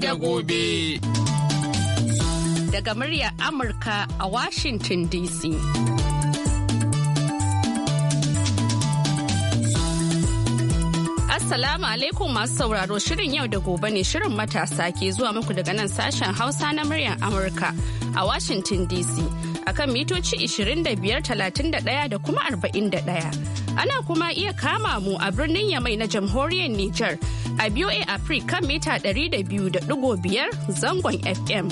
da gobe. Daga muryar Amurka a Washington DC. Assalamu alaikum masu sauraro shirin yau da gobe ne shirin matasa ke zuwa muku daga nan sashen Hausa na muryar Amurka a Washington DC akan mitoci 25,31 da kuma 41. Ana kuma iya kama mu a birnin Yamai na jamhuriyar Nijar. a BOA Africa kan mita ɗari da da biyu biyar zangon FM.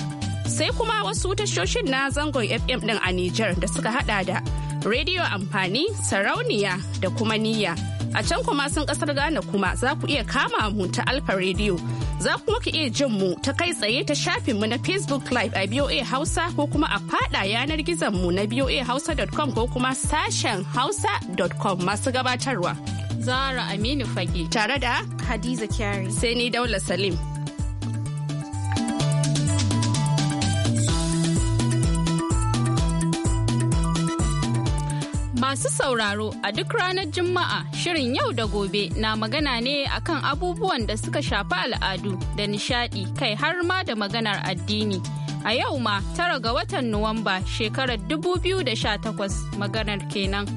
Sai kuma wasu tashoshin na zangon FM ɗin a Nijar da suka hada da rediyo amfani, sarauniya da kuma niyya. A can kuma sun kasar Ghana kuma za ku iya kama mu ta Alfa Radio. Za kuma ku iya jin mu ta kai tsaye ta shafin mu na Facebook Live a BOA Hausa ko kuma a fada yanar gizon mu na Hausa.com ko kuma sashen hausa.com masu gabatarwa. Zara Aminu Fage. Tare da Hadiza Kyari. Sai ni Daula Salim. Masu sauraro a duk ranar Juma'a shirin yau da gobe na magana ne akan abubuwan da suka shafi al'adu da nishadi kai har ma da maganar addini. A yau ma tara ga watan Nuwamba shekarar 2018 maganar kenan.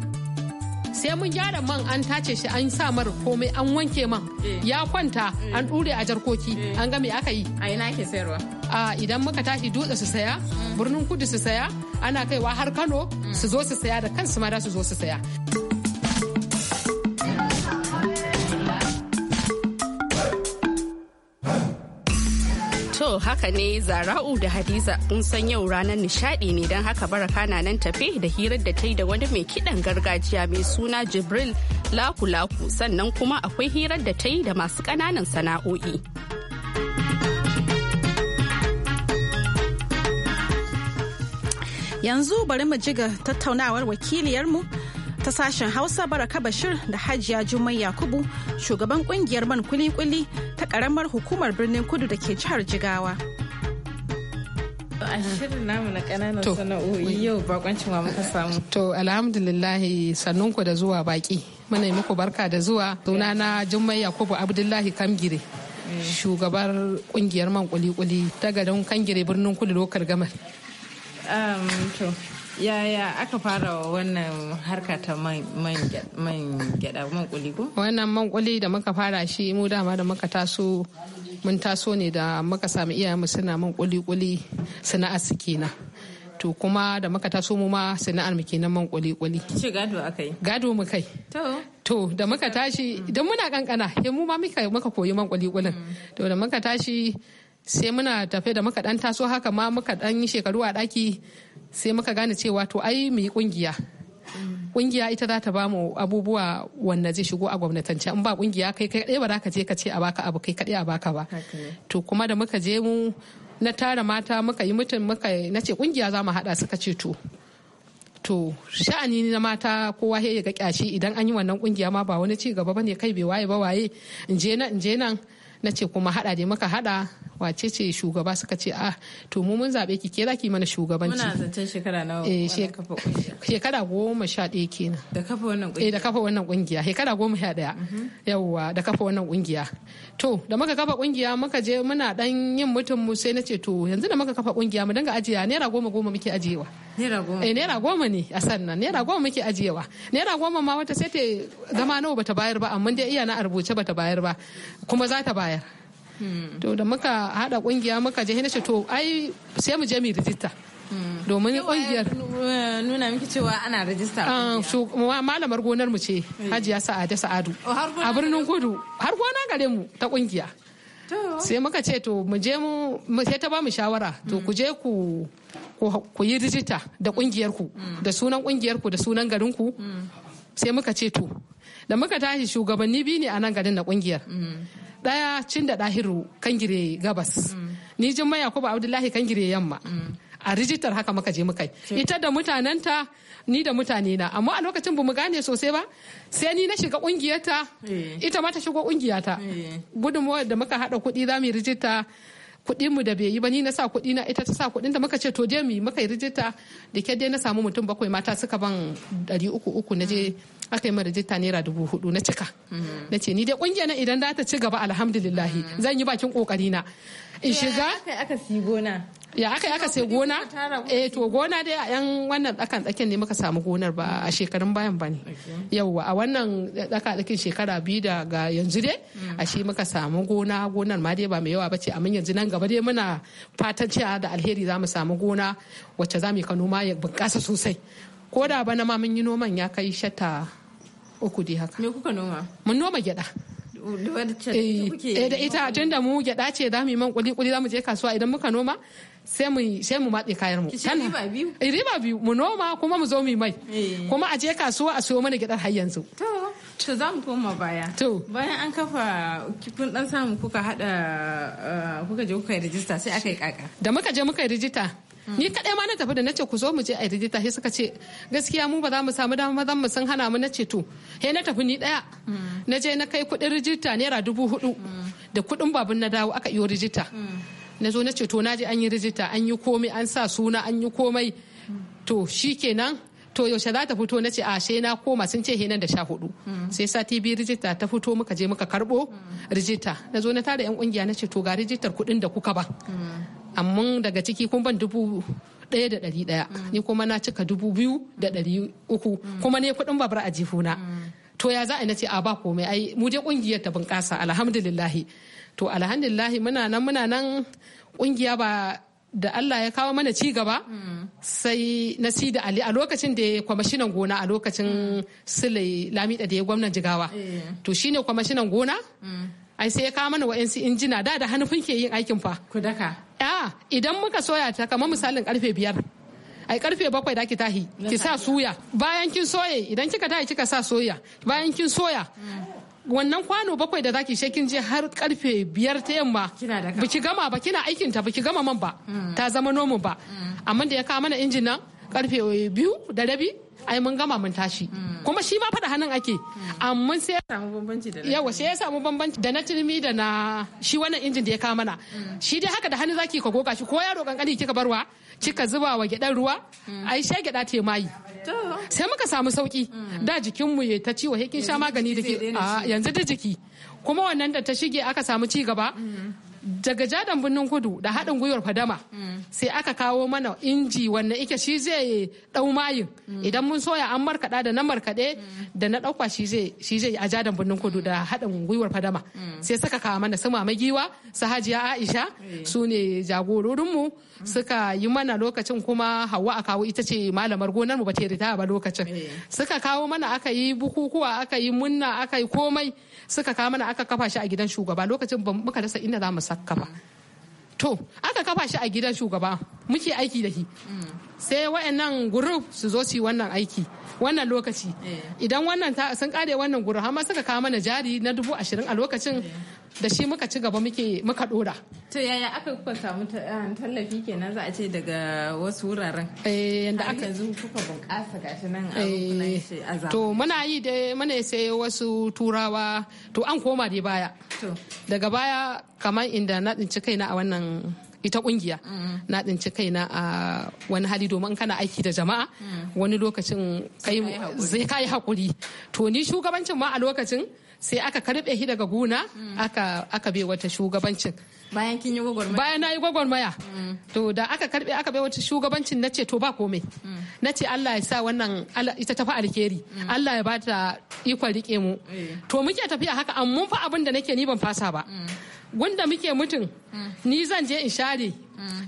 sai mun gyara man an tace shi an sa mara komai an wanke man eh. ya kwanta eh. an dure a jarkoki eh. an ga me aka yi a ina ke sayarwa a idan muka tashi dutse su saya hmm. birnin kudu su saya ana kaiwa har kano hmm. su zo su saya da kansu ma da su zo su saya haka ne Zara'u da Hadiza kun san yau ranar nishadi ne don haka baraka na nan tafe da hirar da ta yi da wani mai kidan gargajiya mai suna Jibril Laku-Laku sannan kuma akwai hirar da ta yi da masu ƙananan sana'o'i. Yanzu bari mu jiga tattaunawar wakiliyarmu ta sashen Hausa Baraka Bashir da Hajiya Jummai Yakubu shugaban kungiyar man kuli-kuli ta karamar hukumar birnin kudu da ke jihar Jigawa. shirin kananan To alhamdulillahi sannunku da zuwa baki. Muna muku barka da zuwa. Sunana Jummai Yakubu Abdullahi Kamgire. Shugabar kungiyar man kuli-kuli ta garin Kangire birnin kudu lokar gamar. yaya aka fara wannan harka ta man gyada man kuli ko wannan man kuli da muka fara shi mu dama da muka taso mun taso ne da muka sami iyayenmu suna man kuli kuli sana'ar su kenan to kuma da muka taso mu ma sana'ar mu kenan man kuli kuli shi gado akai gado mu kai to to da muka tashi idan muna kankana he mu ma muka muka koyi man kuli kulin mm. to da muka tashi sai muna tafe da muka dan taso haka ma muka dan yi shekaru a daki sai muka gane cewa to ai mu yi kungiya kungiya ita za ta bamu abubuwa wanda zai shigo a gwamnatance in ba kungiya kai kai ba za ka je ka ce a baka abu kai kadai a baka ba to kuma da muka je mu na tara mata muka yi mutum muka na ce kungiya za mu hada suka ce to to sha'ani na mata kowa ya ga kyashi idan an yi wannan kungiya ma ba wani ci gaba bane kai bai waye ba waye in je nan in je nan na ce kuma hada dai muka hada wace ce shugaba suka ce ah to mu mun zabe ki ke zaki mana shugabanci muna zancen shekara nawa eh shekara goma sha ɗaya kenan da kafa wannan kungiya eh, da kafa wannan kungiya shekara goma sha ɗaya mhm. yawwa da kafa wannan kungiya to da muka kafa kungiya muka je muna dan yin mutum mu sai na ce to yanzu da muka kafa kungiya mu dinga ajiya naira goma goma muke ajiyewa naira goma eh naira goma ne a sannan naira goma muke ajiyewa naira goma ma wata sai ta zama nawa bata bayar ba amma dai iya na a rubuce bata bayar ba kuma za ta bayar to da muka hada kungiya muka je hinashi to ai sai mu je mu rijista domin kungiyar eh, nuna miki cewa ana rajista ah, malamar gonar mu ce eh. hajiya sa'ada sa'adu oh, a birnin kudu har gona gare mu ta kungiya sai muka ce to mu je mu sai ta ba mu shawara to ku je ku ku yi rijista da kungiyar ku mm. da sunan kungiyar ku da sunan garin ku mm. sai muka ce to da muka tashi shugabanni biyu ne a nan garin na kungiyar daya cin da mm. dahiru kangire gabas mm. ni jin maya ko abdullahi kangire yamma mm. a rijistar haka muka je muka ita da mutanenta ni da mutane na amma a lokacin bamu gane sosai ba sai ni na shiga kungiyarta eh. ita ma ta shigo kungiyata eh. gudunmawar da muka hada kuɗi za mu yi rijista kuɗin mu da bai yi ba ni na sa kuɗi na ita ta sa kuɗin da muka ce to je mu muka yi rijista da ke dai na samu mutum bakwai mata suka ban ɗari uku uku na je aka yi mara jita naira dubu hudu na cika na ce ni dai kungiya na idan za ta ci gaba alhamdulillahi zan yi bakin kokari na in shiga aka si gona ya aka yi aka sai gona eh to gona dai a yan wannan tsakan tsakin ne muka samu gonar ba a shekarun bayan ba ne yauwa a wannan tsaka tsakin shekara biyu da ga yanzu dai a shi muka samu gona gonar ma dai ba mai yawa bace amma yanzu nan gaba dai muna fatan cewa da alheri za mu samu gona wacce za mu yi ka noma ya bunƙasa sosai ko da bana ma mun yi noman ya kai shata uku dai haka me kuka noma mun noma gyada da eh, eh, ita tun da mu gyada ce za mu yi man kuli kuli za mu je kasuwa idan muka noma sai mu matse kayan mu Kishi riba biyu eh, riba biyu mu noma kuma mu zo mu mai kuma a je kasuwa a siyo mana gyadar har yanzu to to za mu koma baya to bayan an kafa kun dan samu kuka hada kuka je kuka yi rijista sai aka yi kaka da muka je muka yi rijista ni kadai ma na tafi da nace ku zo mu je a rijita sai suka ce gaskiya mu ba za mu samu dama zan mu sun hana mu nace to he na tafi ni daya na je na kai kudin rijita naira dubu hudu da kudin babun na dawo aka iyo rijita na zo na to na je an yi rijita an yi komai an sa suna an yi komai to shikenan to yaushe za ta fito na ce a she na koma sun ce henan da sha hudu sai sati biyu rijita ta fito muka je muka karbo rijita. na zo na tara yan kungiya na ce to ga rijitar kudin da kuka ba amma daga ciki kun ban dubu ɗaya da ɗari ɗaya ni kuma na cika dubu biyu da ɗari uku kuma ne kuɗin babar a jifuna to ya za a na a ba komai ai mu je kungiyar ta bunƙasa alhamdulillahi to alhamdulillahi muna nan muna nan kungiya ba da Allah ya kawo mana ci gaba sai na da Ali a lokacin da kwamashinan gona a lokacin Sule Lamida da ya gwamnan Jigawa. Eh. To shine kwamashinan gona? Ai sai ya kawo mana wa'yansu injina da da hannun ke yin aikin fa. Ku daka. Ya idan muka soya ta kamar misalin karfe biyar. ai karfe bakwai da ki tahi ki sa suya bayan kin soye idan kika tahi kika sa soya bayan kin soya wannan kwano bakwai da zaki shekin je har karfe biyar ta yamma biki gama ba kina aikin ta ki gama man ba mm. ta zama nomu ba mm. amma da ya kawo mana injin nan karfe eh, biyu da rabi ai mun gama mun tashi mm. kuma shi ma fada hannun ake amma sai ya samu bambanci da yawa sai ya samu bambanci da na turmi da na shi wannan injin da ya kawo mana shi dai haka da hannu zaki ka goga shi ko yaro kankani kika barwa kika zuba wa gyadan ruwa ai sai gyada te mayi sai muka samu sauki mm. da jikinmu ya ta ciwo kin sha magani da ke ah, yanzu da jiki kuma wannan da ta shige aka samu ci gaba mm. daga jadan birnin kudu da haɗin gwiwar fadama sai aka kawo mana inji wanda ike shi zai ɗau mayin idan mun soya an markaɗa da na markaɗe da na ɗauka shi zai a jadan birnin kudu da haɗin gwiwar fadama sai suka kawo mana su mama giwa su hajiya aisha eh. su ne jagororinmu suka yi mana lokacin kuma hawa a kawo ita ce malamar gonar mu ba ta ba lokacin eh. suka kawo mana aka yi bukukuwa aka yi munna aka yi komai suka kawo mana aka kafa shi a gidan shugaba lokacin ba muka rasa inda za mu saka ba to aka kafa shi a gidan shugaba muke aiki da shi mm. sai wayannan guruf su zo su yi wannan aiki wannan lokaci eh. idan wannan sun kare wannan guru har ma suka kawo mana jari na dubu ashirin a lokacin eh. da shi muka ci gaba muke muka dora. To yaya aka kuka samu eh, tallafi kenan za a ce daga wasu wuraren? Eh yanda aka yanzu kuka bunƙasa gashi nan a To muna yi da muna sai wasu turawa to an koma dai baya. To daga baya kamar inda na tsinci kaina a wannan ita kungiya na tsinci kaina a wani hali domin kana aiki da jama'a wani lokacin kai zai kai hakuri to ni shugabancin ma a lokacin sai aka karbe shi daga gona aka aka bai wata shugabancin bayan kin yi gwagwarmaya bayan na yi gwagwarmaya to da aka karbe aka bai wata shugabancin na ce to ba komai na ce Allah ya sa wannan ita tafi alkeri Allah ya bata ikon rike mu eh. to muke tafiya haka amma fa abin da nake ni ban fasa ba wanda muke mutum mm. ni zan je in share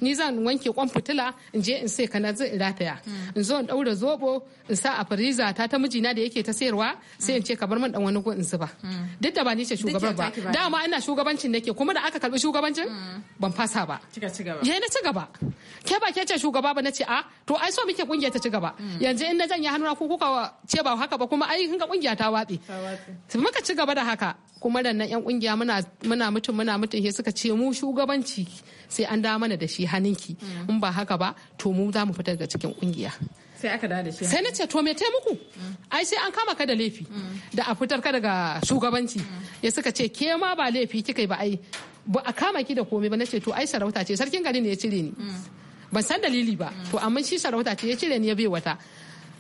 ni zan wanke kwan fitila in je in sai kana zan rataya mm. in zo in daura zobo in sa a fariza ta ta mijina da yake ta sayarwa sai in ce ka bar min dan wani gun in zuba mm. duk da ba ni ce shugaban ba dama ina shugabancin nake kuma da aka karbi shugabancin mm. ban fasa ba yayi na ci gaba ke ba ke ce shugaba ba na a ah, to ai so muke kungiya ta ci gaba yanzu in na janye hannuna ko kuka ce ba haka ba kuma ai kinga kungiya ta watse muka ci gaba da haka kuma da nan yan kungiya muna muna mutum muna mutum suka ce mu shugabanci sai an da mana da shi hannunki mm. in ba haka ba to mu za mu fita daga cikin kungiya sai aka na ce to me te mm. ai sai an kama ka da laifi mm. da a fitar ka daga shugabanci ya suka ce ke ma ba laifi kika ba ai ba a kama ki da komai ba na ce to ai sarauta ce sarkin gari ne ya cire ni ban san dalili ba to amma shi sarauta ce ya cire ni ya bai wata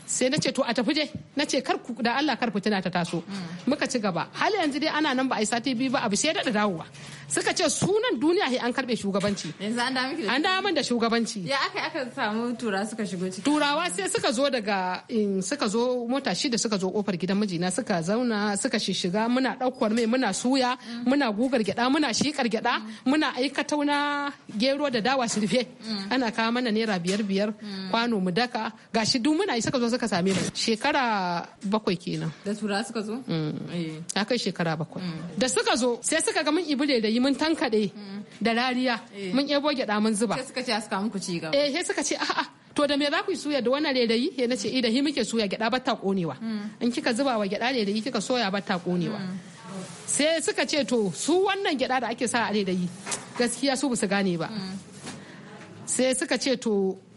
sai na ce to a tafi je na ce kar da Allah kar fitina ta taso muka ci gaba hal yanzu dai ana nan ba ai sati biyu ba abu sai da dawowa suka ce sunan duniya an karbe shugabanci an dawo da shugabanci ya aka aka samu tura suka shigo ciki turawa sai suka zo daga suka zo mota shida suka zo kofar gidan mijina suka zauna suka shishiga muna ɗaukar mai muna suya muna gugar gyada muna shikar gyada muna aikata na gero da dawa sirfe ana kawo mana naira biyar biyar kwano mu daka gashi duk muna suka zo suka same mu shekara bakwai kenan da tura suka zo mm. eh. a kai shekara bakwai mm. da suka zo sai suka ga mun ibule da yi mun tankaɗe da rariya eh. mun ebo gyada mun zuba sai suka ce aska muku ci gaba eh sai suka ce a'a to da me za ku suya da wannan redayi ya nace eh, da hi muke suya ba ta konewa mm. in kika zuba wa gyaɗa redayi kika soya ba ta konewa mm. sai suka ce to su wannan gyaɗa da ake sa a redayi gaskiya su basu gane ba mm. sai suka ce to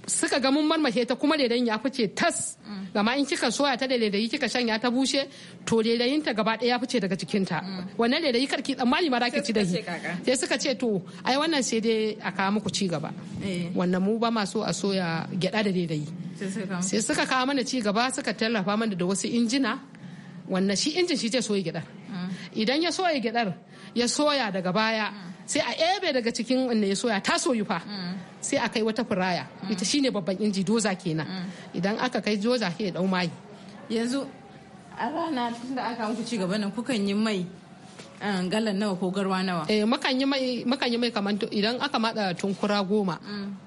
suka ga mun marmashe ta kuma redayin ya fice tas gama in kika soya ta da ledayi kika shanya ta bushe to ledayin ta gaba ɗaya ya fice daga cikin ta wannan ledayi karki tsammani ma ki ci da sai suka ce to ai wannan sai dai a kawo muku ci gaba eh. wannan mu ba ma so a soya gyada da ledayi sai suka kawo mana ci gaba suka tallafa mana da wasu injina wannan shi injin shi ce soya gyadar mm. idan ya soya gyadar ya soya daga baya mm. sai a ebe daga cikin wanda ya soya ta soyu fa mm. sai a kai wata firaya mm. ita shine babban inji doza kenan mm. idan aka kai doza ke dau mai yanzu a rana da aka muku ci gaba nan kukan yi mai eh, galan nawa ko garwa nawa eh makan yi mai makan yi mai kamar idan aka mada tunkura goma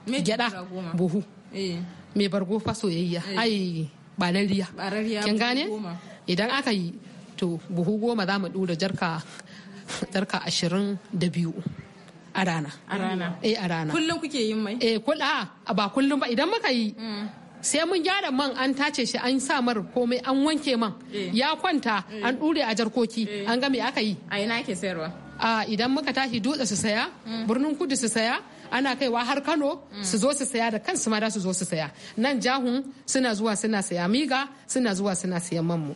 gyada buhu eh. mai bargo fa soyayya eh. ai barariya kin gane idan aka yi to buhu goma za mu dura jarka tsarka ashirin da biyu a rana. A rana. Eh a rana. Kullum kuke yin mai? Eh kula a ba kullum ba idan muka yi. Mm. Sai mun gyara man an tace shi an sa mar komai an wanke man eh. ya kwanta eh. an dure a jarkoki eh. an ga me aka yi. A ina ke sayarwa? A idan muka tashi dutse su saya, mm. birnin kudu su saya, ana kaiwa har Kano mm. su zo su saya da kansu ma su zo su saya. Nan jahun suna zuwa suna saya miga suna zuwa suna sayan man mu.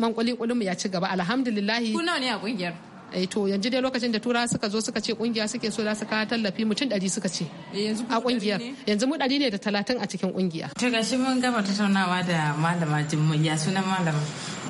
Man kuli mu ya ci gaba alhamdulillahi. Ku ne a kungiyar? Eh, to yanzu dai lokacin da turawa suka zo suka ce kungiya suke so za su kawo tallafi mutum ɗari suka ce eh, a kungiyar yanzu mu ɗari ne da talatin a cikin kungiya. to gashi mun gama tattaunawa da malama ya sunan malama.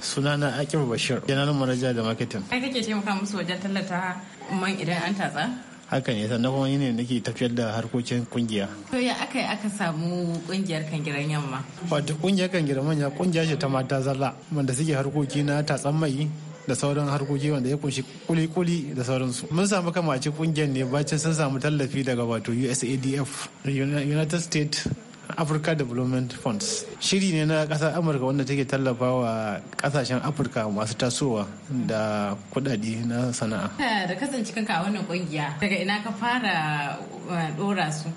sunana akibu bashir general manaja da marketing. kai kake taimaka musu wajen tallata man idan an tatsa. haka ya sannan kuma ne nake tafiyar da harkokin kungiya. To ya aka yi aka samu kungiyar kangiran yamma? Wato kungiyar kangiran manya kungiya ce ta mata zalla wanda suke harkoki na tatsan mai da sauran harkoki wanda ya kunshi kuli-kuli da sauransu mun samu kamace kungiyar ne bacin sun samu tallafi daga wato usadf united states Africa Development Funds shiri ne na ƙasar Amurka wanda take tallafa wa ƙasashen Afirka masu tasowa da kudade na sana'a. Da kasance kanka a wannan ƙungiya daga ina ka fara eh, ɗora su.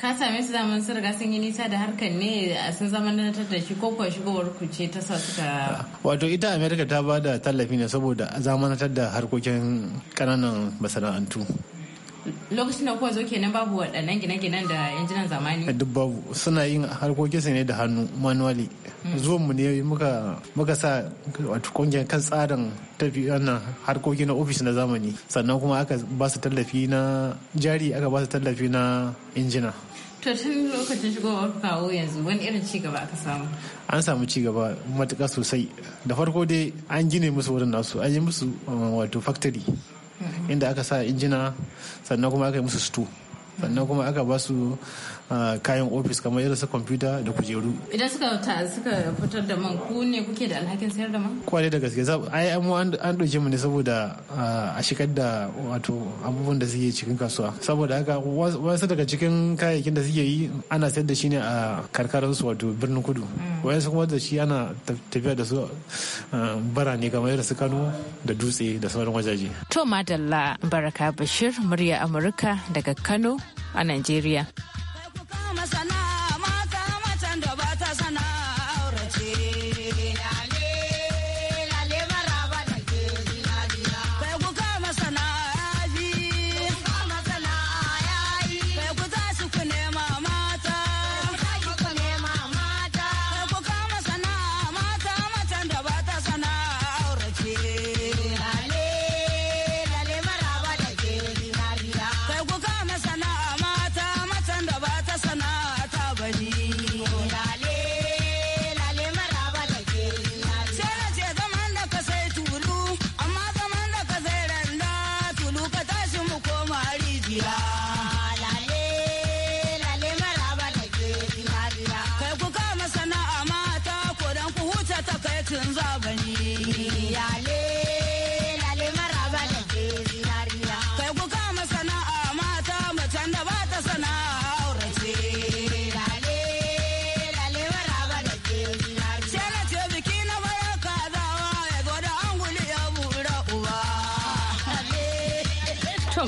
ka same su zaman sun riga sun yi nisa da harkar ne sun zama na da shi ko kuwa shigowar ku ce ta sa suka wato ita america ta ba da tallafi ne saboda zamanantar da harkokin kananan masana'antu lokacin da kuwa zo kenan babu waɗannan gine-ginen da injinan zamani eh, duk babu suna yin harkokin su ne da hannu manuwali hmm. zuwan mu ne muka sa wato kungiyar kan tsarin tafi wannan harkoki na ofis na zamani sannan kuma aka ba su tallafi na jari aka ba su tallafi na injina to tun lokacin shigowar kawo yanzu wani irin cigaba aka samu an samu cigaba matuka sosai da farko dai an gine musu wurin nasu an yi musu um, wato factory hmm. inda aka sa injina sannan kuma aka yi musu sto sannan kuma aka ba su kayan ofis kamar irin su kwamfuta da kujeru idan suka suka fitar da man ku ne kuke da alhakin sayar da man kwale da gaske ai an doke mu ne saboda a shigar da wato abubuwan da suke cikin kasuwa saboda haka wasu daga cikin kayayyakin da suke yi ana sayar da shi ne a karkarar su wato birnin kudu mm. wayansu kuma da shi ana tafiya da su barane kamar irin su Kano da dutse da sauran wajaje to madalla baraka bashir murya amurka daga Kano a Najeriya. masana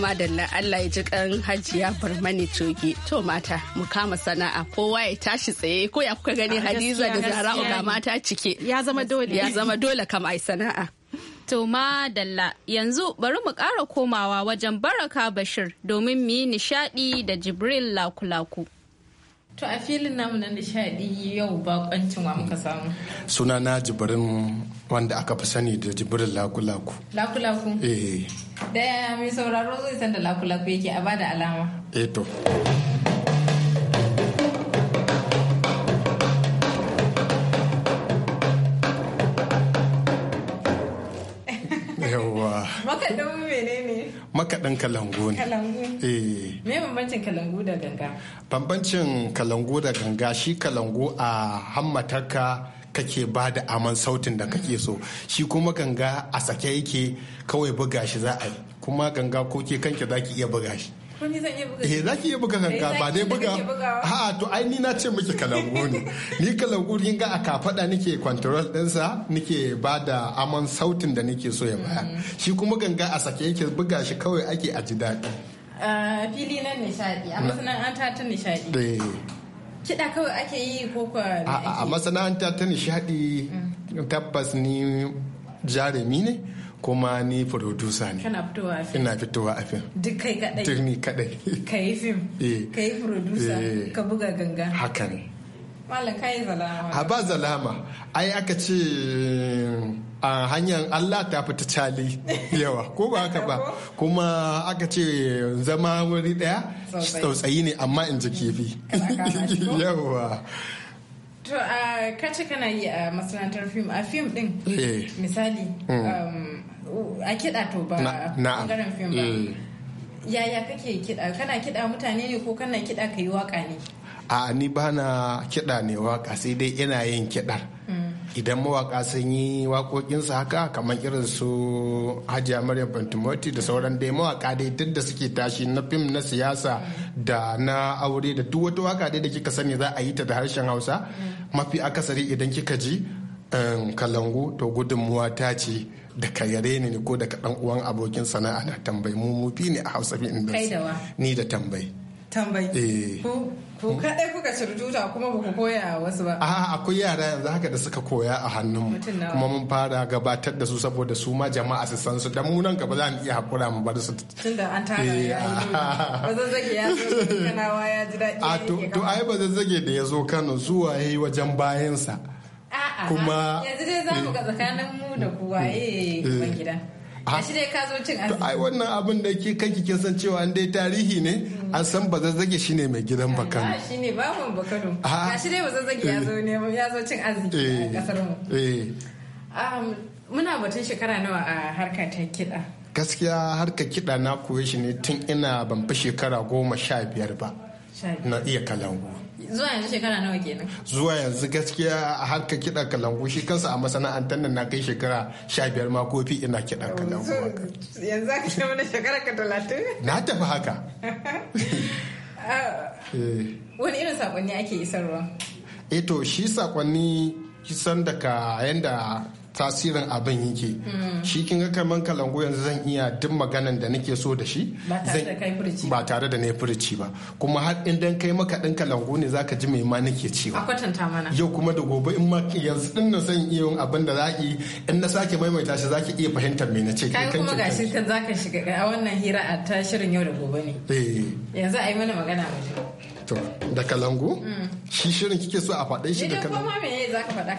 madalla Allah ya ji kan hajiya barmani coge to mata mu kama sana'a kowa ya tashi tsaye ko ya kuka gani hadiza da zara'u ga mata cike ya zama dole ya zama dole kam ai sana'a To madalla yanzu bari mu ƙara komawa wajen baraka bashir domin mu yi nishadi da jibril lakulaku. To a filin namu na nishadi yau bakoncin wa muka samu. Suna na jibrin wanda aka fi sani da jibril lakulaku. Lakulaku? Eh. da mai sauraro zai san da lakulaku yake a bada alama eto eh yawwa makaɗin menene makaɗin kalangu ne kalangu eh me bambancin kalangu da ganga bambancin kalangu da ganga shi kalangu a hammatarka kake ba da aman sautin da kake so shi kuma ganga a sake yake kawai buga shi za a yi kuma ganga ko ke kanki za ki iya buga shi eh za ki iya buga ganga eh, ba dai buga ha to ai ni na ce miki kalangu ne ni kalangu kin ga a kafada nake control sa nake ba da aman sautin da nake so ya baya mm-hmm. shi kuma ganga a sake yake buga shi kawai ake a ji daɗi ah, fili na nishadi a ta ta nishadi eh. kiɗa kawai ake yi ko a masana'anta ta nishadi mm. tabbas ni jarumi ne kuma ni producer ne kana fitowa a fim ina fitowa a fim duk kai kadai duk ni kadai ka yi fim eh. ka yi producer eh. ka buga ganga haka ne malam yi zalama a ba zalama ai aka ce a hanyar Allah ta fita cali yawa ko ba haka ba kuma aka ce zama wuri daya tsautsayi ne amma in ji kifi yawa to a kace kana yi a masana'antar fim a fim din eh. misali hmm. um, a kiɗa to ba a ɓangaren fim ba eh. yaya kake kiɗa kana kiɗa mutane ne ko kana kiɗa ka yi waka ne a ni ba na kiɗa ne waka sai dai ina yin kiɗar. idan mawaka sun yi waƙoƙinsu haka kamar irin su hajiya maryam bantumoti da sauran dai mawaka dai duk da suke tashi na fim na siyasa da na aure da duk wata waka dai da kika sani za a yi ta da harshen hausa mafi akasari idan kika ji ehm, kalangu to gudunmuwa ta ce da ka yare ko da ka uwan abokin sana'a na tambayi mu mufi ne a hausa ni da tambayi tambayi eh. ko kaɗai kuka cirjuta kuma ba ku koya wasu ba a akwai yara yanzu haka da suka koya a hannun kuma mun fara gabatar da su saboda su ma jama'a su san su dan mu nan gaba za mu iya hakura mu bar su tunda an tara eh. ya ba zage ya zo kanawa ya ji daɗi a to to ai ba zage da ya zo Kano zuwa yayi wajen bayansa kuma yanzu dai za mu ga tsakanin mu da kuwa eh. eh gida shi dai ka zo cin arziki ai wannan abin da ke kanki kin san cewa an dai tarihi ne hmm. an san ba zazzage ne mai gidan bakano shi ne mu bakano ka shi dai ba zazzage ya zo ne ya zo cin arziki a kasar eh, mu eh. um, muna batun shekara nawa a harkar ta kiɗa gaskiya harkar kiɗa na koyi shi ne tun ina ban fi shekara goma sha biyar ba na iya kalangu zuwa yanzu shekara nawa kenan zuwa yanzu gaskiya a harka kiɗan kalangu shi kansa a masana'antar nan na kai shekara sha biyar ma kofi ina kiɗan kalangu yanzu aka ce mana shekara ka talatin na tafi haka eh. wani irin saƙonni ake isarwa eto eh shi saƙonni kisan daga yanda tasirin abin yake hmm. shi kin ga kaman kalango yanzu zan iya duk maganan da nake so da shi ba tare da na furici ba kuma har idan kai maka ɗin kalango ne zaka ji mai ma nake cewa yau kuma da gobe in ma yanzu din na san iya yin abin da zaki in na sake maimaita shi zaki iya fahimtar me na ce kai kuma ga shi kan zaka shiga a wannan hira a ta shirin yau da gobe ne eh. yanzu a yi mana magana ba. to da kalango hmm. shi shirin kike so a faɗe shi da kalango ne me zaka faɗa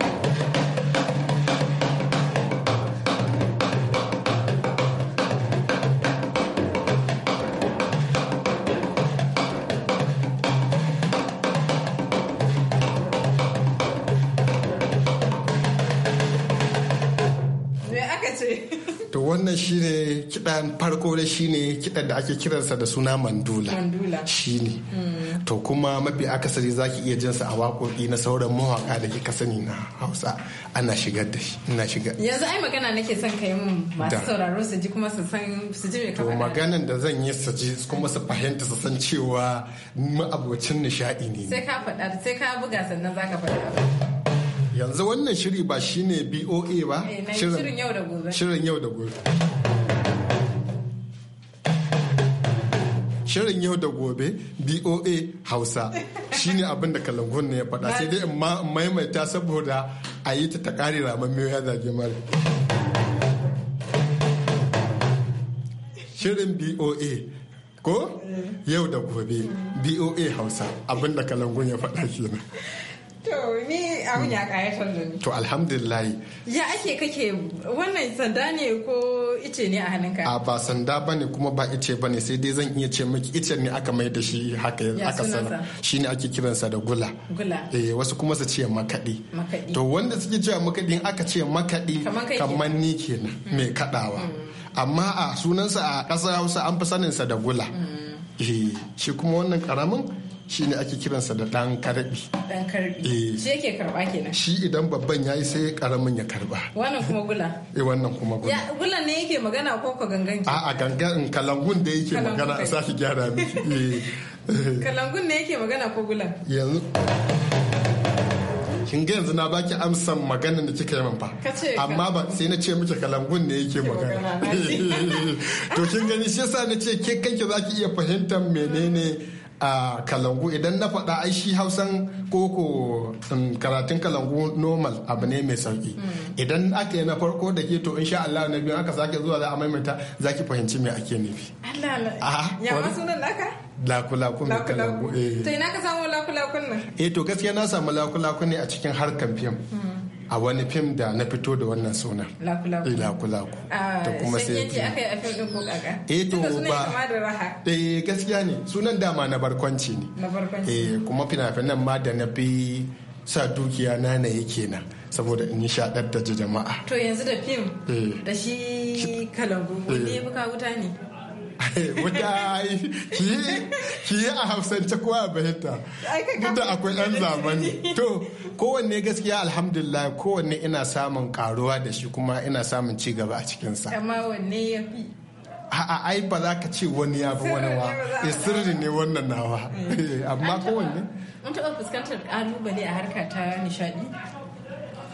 wannan ne kiɗan farko da ne kiɗan da ake kiransa da suna mandula shi ne hmm. to kuma mafi akasari zaki iya jinsa a waƙoƙi na sauran mawaƙa da kika sani na hausa ana shigar da shi ina shigar yanzu ai magana nake son ka yi mun masu sauraro su ji kuma su san su ji me kafa to maganan da zan yi su ji kuma su fahimta su san cewa ma'abocin nishaɗi ne sai ka faɗa sai ka buga sannan zaka faɗa yanzu wannan shiri ba shine BOA ba eh, shirin yau da gobe shirin yau da gobe shirin yau da gobe BOA Hausa shine abin da kalangun ne ya faɗa sai dai in maimaita saboda a yi ta takari ƙari ramammiyo ya zage mara shirin BOA ko eh. yau da gobe BOA Hausa da kalangun ya faɗa kenan To ni abin ya kayatar da ni. To alhamdulillah. Ya ake kake wannan sanda ne ko ice ne a hannunka? A ba sanda ba ne kuma ba ice ba ne sai dai zan iya ce miki ice ne aka mai da shi haka aka sana. Shi ne ake kiransa da gula. Gula. Eh wasu kuma su ce makaɗi. Makaɗi. To wanda suke cewa makaɗi aka ce makaɗi kamar ni kenan mai kaɗawa. Amma a sunansa a ƙasar Hausa an fi saninsa da gula. Mm. Eh, shi kuma wannan ƙaramin. ne ake kiransa da dan karbi dan karbi eh. shi yake karba kenan shi idan babban ya yi sai karamin ya karba wannan kuma gula eh wannan kuma gula gula ne yake magana ko ko gangan a a gangan kalangun da yake magana a saki gyara miki eh. kalangun ne yake magana ko gula yanzu kin ga yanzu na baki amsan magana da kika yi min fa amma ba sai na ce miki kalangun ne yake magana to kin gani shi yasa na ce ke kanki zaki iya fahimtar menene a kalangu idan na faɗa ai shi hausan koko um, karatun kalangu normal abu ne mai sauki hmm. idan aka yi na farko da ke to insha Allah na biyu aka sake zuwa za a maimaita za ki fahimci me ake nufi Allah Allah ya masu nan naka lakulaku mai kalangu eh to ina ka samu lakulakun nan eh to gaskiya na samu lakulakun ne a cikin harkan fim hmm. a wani fim da na fito da wannan suna lakulaku ta ah, kuma sai yake aka yi a fim din ko kaka eh to ba eh gaskiya ne sunan dama na barkwanci ne na barkwanci eh kuma fina-finan ma da na fi sa dukiya na na yake na saboda in yi shaɗar da jama'a to yanzu da fim eh. da shi kalangu wanda ya buka eh. wuta ne wuta ki yi a hausance ko a bayyanta duka akwai ɗan zamani to kowanne gaskiya alhamdulillah kowanne ina samun karuwa da shi kuma ina samun ci gaba a cikinsa amma wanne ya fi a'a ai ba za ka ce wani ya fi wani ba ya sirri ne eh, wannan nawa eh. Eh, amma kowanne mun taɓa fuskantar ƙalubale a harka ta nishaɗi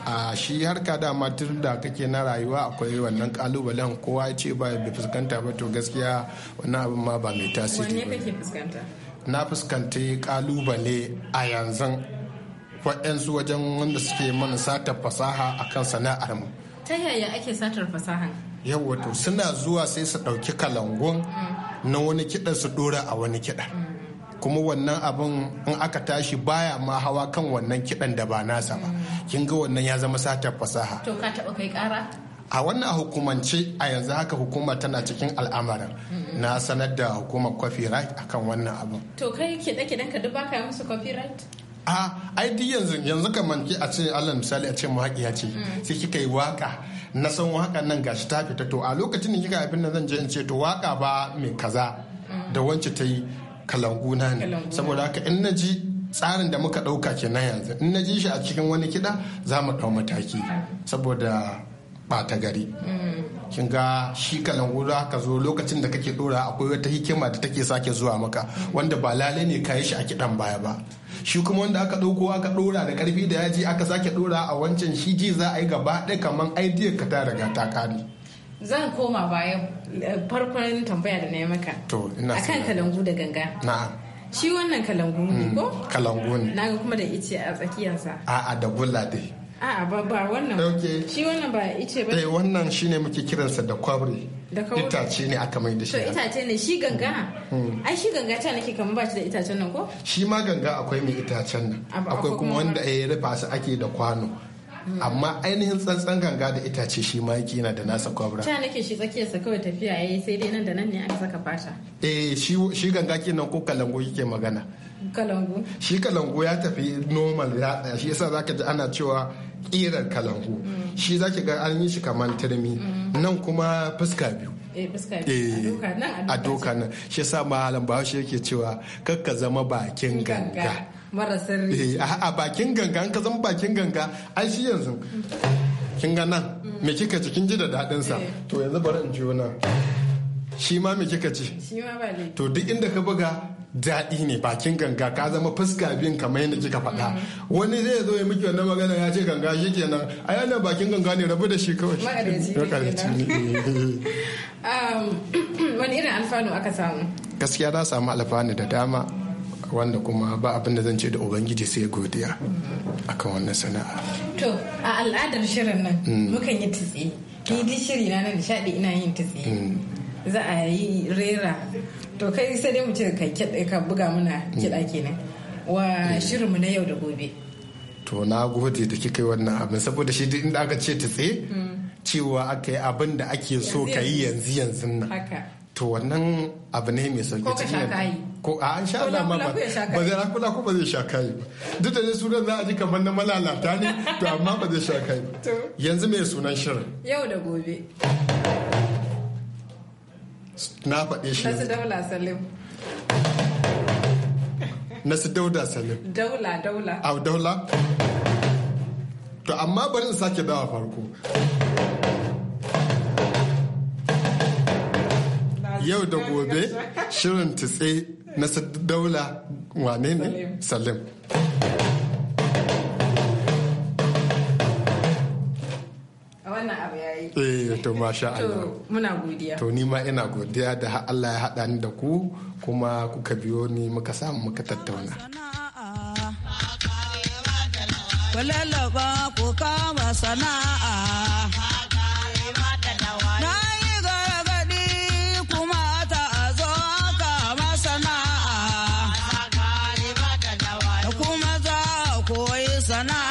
a shi harka da tun da kake na rayuwa akwai wannan kalubalen kowa ya ce ba bai fuskanta ba to gaskiya wannan abin ma ba mai tasiri ba na fuskanta kalubale a yanzu waɗansu wajen wanda suke mana satar fasaha akan sana'ar mu ta yaya ake satar fasaha yawa to suna zuwa sai su ɗauki kalangun mm. na wani kiɗa su ɗora a wani kiɗa mm. kuma wannan abin in aka tashi baya ma hawa kan wannan kiɗan da ba nasa ba kin ga wannan ya zama satar fasaha to ka taɓa kai ƙara a wannan hukumance a yanzu haka hukuma tana cikin al'amarin mm-hmm. na sanar da hukumar copyright akan wannan abin to kai kiɗe-kiɗen ka duk baka musu copyright a ai duk yanzu yanzu kamar ki a ce Allah misali a ce mawaƙiya ce mm. sai kika yi waka na san wakan nan gashi ta fita to a lokacin da kika abin nan zan je in ce to waka ba mai kaza mm. da wance ta yi kalanguna ne saboda haka in na ji tsarin da muka ɗauka kenan yanzu in na ji shi a cikin wani kiɗa za mu ɗau mataki saboda ɓata gari mm. kin ga shi kalangu za ka zo lokacin da kake ɗora akwai wata hikima da take sake zuwa maka wanda ba lalai ne ka yi shi a kiɗan baya ba shi kuma wanda aka ɗauko aka ɗora da ƙarfi da yaji aka sake ɗora a wancan shi ji za a yi gaba ɗaya kamar aidiyar ka ta riga ta kani zan koma baya eh, farkon tambaya da na yi maka to ina kalangu da ganga shi wannan kalangu ne mm, ko kalangu ne na kuma da ice a tsakiyarsa a'a da gulla dai a'a a ba wannan shi wannan ba ice ba eh, wannan wannan shine muke kiransa da kwabri itace ne aka mai da shi to itace ne shi ganga mm. Mm. ai shi ganga ta nake kamar ba shi da itacen nan ko shi ma ganga akwai mai itacen nan akwai kuma wanda eh, ya rufa su ake da kwano amma ainihin tsantsan ganga da itace shi ma yake yana da nasa kwabra ta nake shi tsakiyarsa kawai tafiya yayi sai dai nan da nan ne aka saka fata eh shi shi ganga kenan ko kalango yake magana kalango shi kalango ya tafi normal ya tsaya shi yasa zaka ji ana cewa kirar kalango mm. shi zaki ga an yi shi kamar turmi mm. nan kuma fuska biyu eh, eh, a doka nan shi yasa malam bahaushe yake cewa kakka zama bakin ganga mara sirri eh, a bakin ganga an ka zama bakin ganga ai shi yanzu kin ga nan me kika ci kin ji da daɗin sa eh. to yanzu bari in ji wannan shi ma me kika ci shi ma ba ne to duk inda ka buga daɗi ne bakin ganga ka zama fuska biyun kamar yadda kika faɗa mm-hmm. wani zai zo ya miki wannan magana ya ce ganga shi kenan a yana bakin ganga ne rabu da shi kawai ne. Um, wani irin alfanu aka samu gaskiya na samu alfanu da dama wanda kuma ba abin da zan ce da ubangiji sai godiya a kan wannan sana'a to a al'adar shirin nan mm. mukan yi tutsi ni dai shiri na na nishadi ina yin tutsi mm. za a yi rera to kai sai dai mu ce ka buga muna mm. kiɗa kenan wa eh. shirinmu na yau da gobe to na gode da kika yi wannan abin saboda shi duk inda aka ce tutsi cewa aka yi abin da ake so ka yi yanzu yanzu nan to wannan abu ne mai sauki cikin ko a an sha Allah ma ba ba zai rakula ko ba zai sha kai ba duk da sunan za a ji kamar na malalata ne to amma ba zai sha kai ba yanzu mai sunan shirin yau da gobe na faɗe shi nasu daula salim nasu dauda salim daula daula au daula to amma bari in sake dawa farko yau da gobe shirin tutse na daula wane ne salim Eh to masha Allah. Muna godiya. To ni ma ina godiya da Allah ya haɗa ni da ku kuma kuka biyo ni muka samu muka tattauna. Ku ku kama sana'a. sana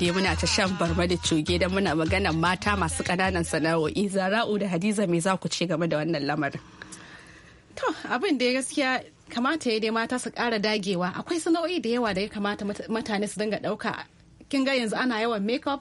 dai muna ta shan barma da cuge da muna maganan mata masu kananan sana'o'i zara'u da hadiza mai za ku ce game da wannan lamarin. To abin da gaskiya kamata ya dai mata su kara dagewa akwai sana'o'i da yawa da ya kamata mutane su dinga ɗauka kin ga yanzu ana yawan makeup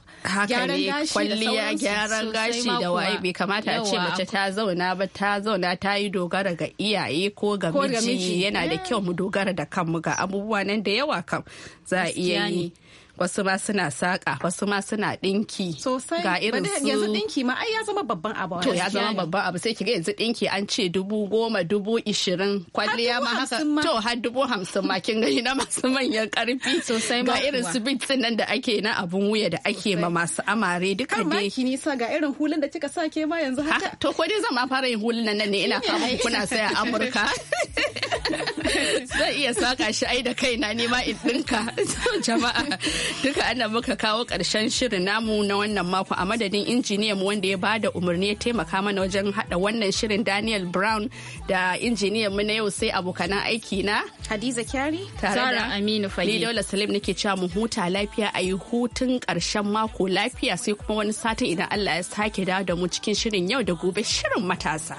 gyaran gashi kwalliya gyaran gashi da waye bai kamata a ce mace ta zauna ba ta zauna ta yi dogara ga iyaye ko ga miji yana da eh. kyau mu dogara da kanmu ga abubuwa nan da yawa kam za a iya yi wasu ma suna saƙa wasu ma suna dinki. sosai ga irin su yanzu dinki ma ai ya zama babban abu to ya zama babban abu sai kiga yanzu dinki an ce dubu goma dubu ishirin kwalliya ma haka to har dubu hamsin ma kin gani na masu manyan karfi. sosai ga irin su bits nan da ake na abun wuya da ake ma masu amare duka dai kan nisa ga irin hulun da kika sake ma yanzu haka to ko dai zan ma fara yin hulun nan ne ina fama kuna saya Amurka zai iya saka shi ai da kaina ne ma in dinka jama'a duka ana muka kawo karshen shirin namu na wannan mako a madadin injiniyan mu wanda ya bada umarni ya taimaka mana wajen hada wannan shirin Daniel Brown da injiniyan mu na yau sai abokanan aiki na Hadiza Kyari tare da Aminu Fali ni Salim nake cewa mu huta lafiya a yi hutun karshen mako lafiya sai kuma wani satin idan Allah ya sake dawo da mu cikin shirin yau da gobe shirin matasa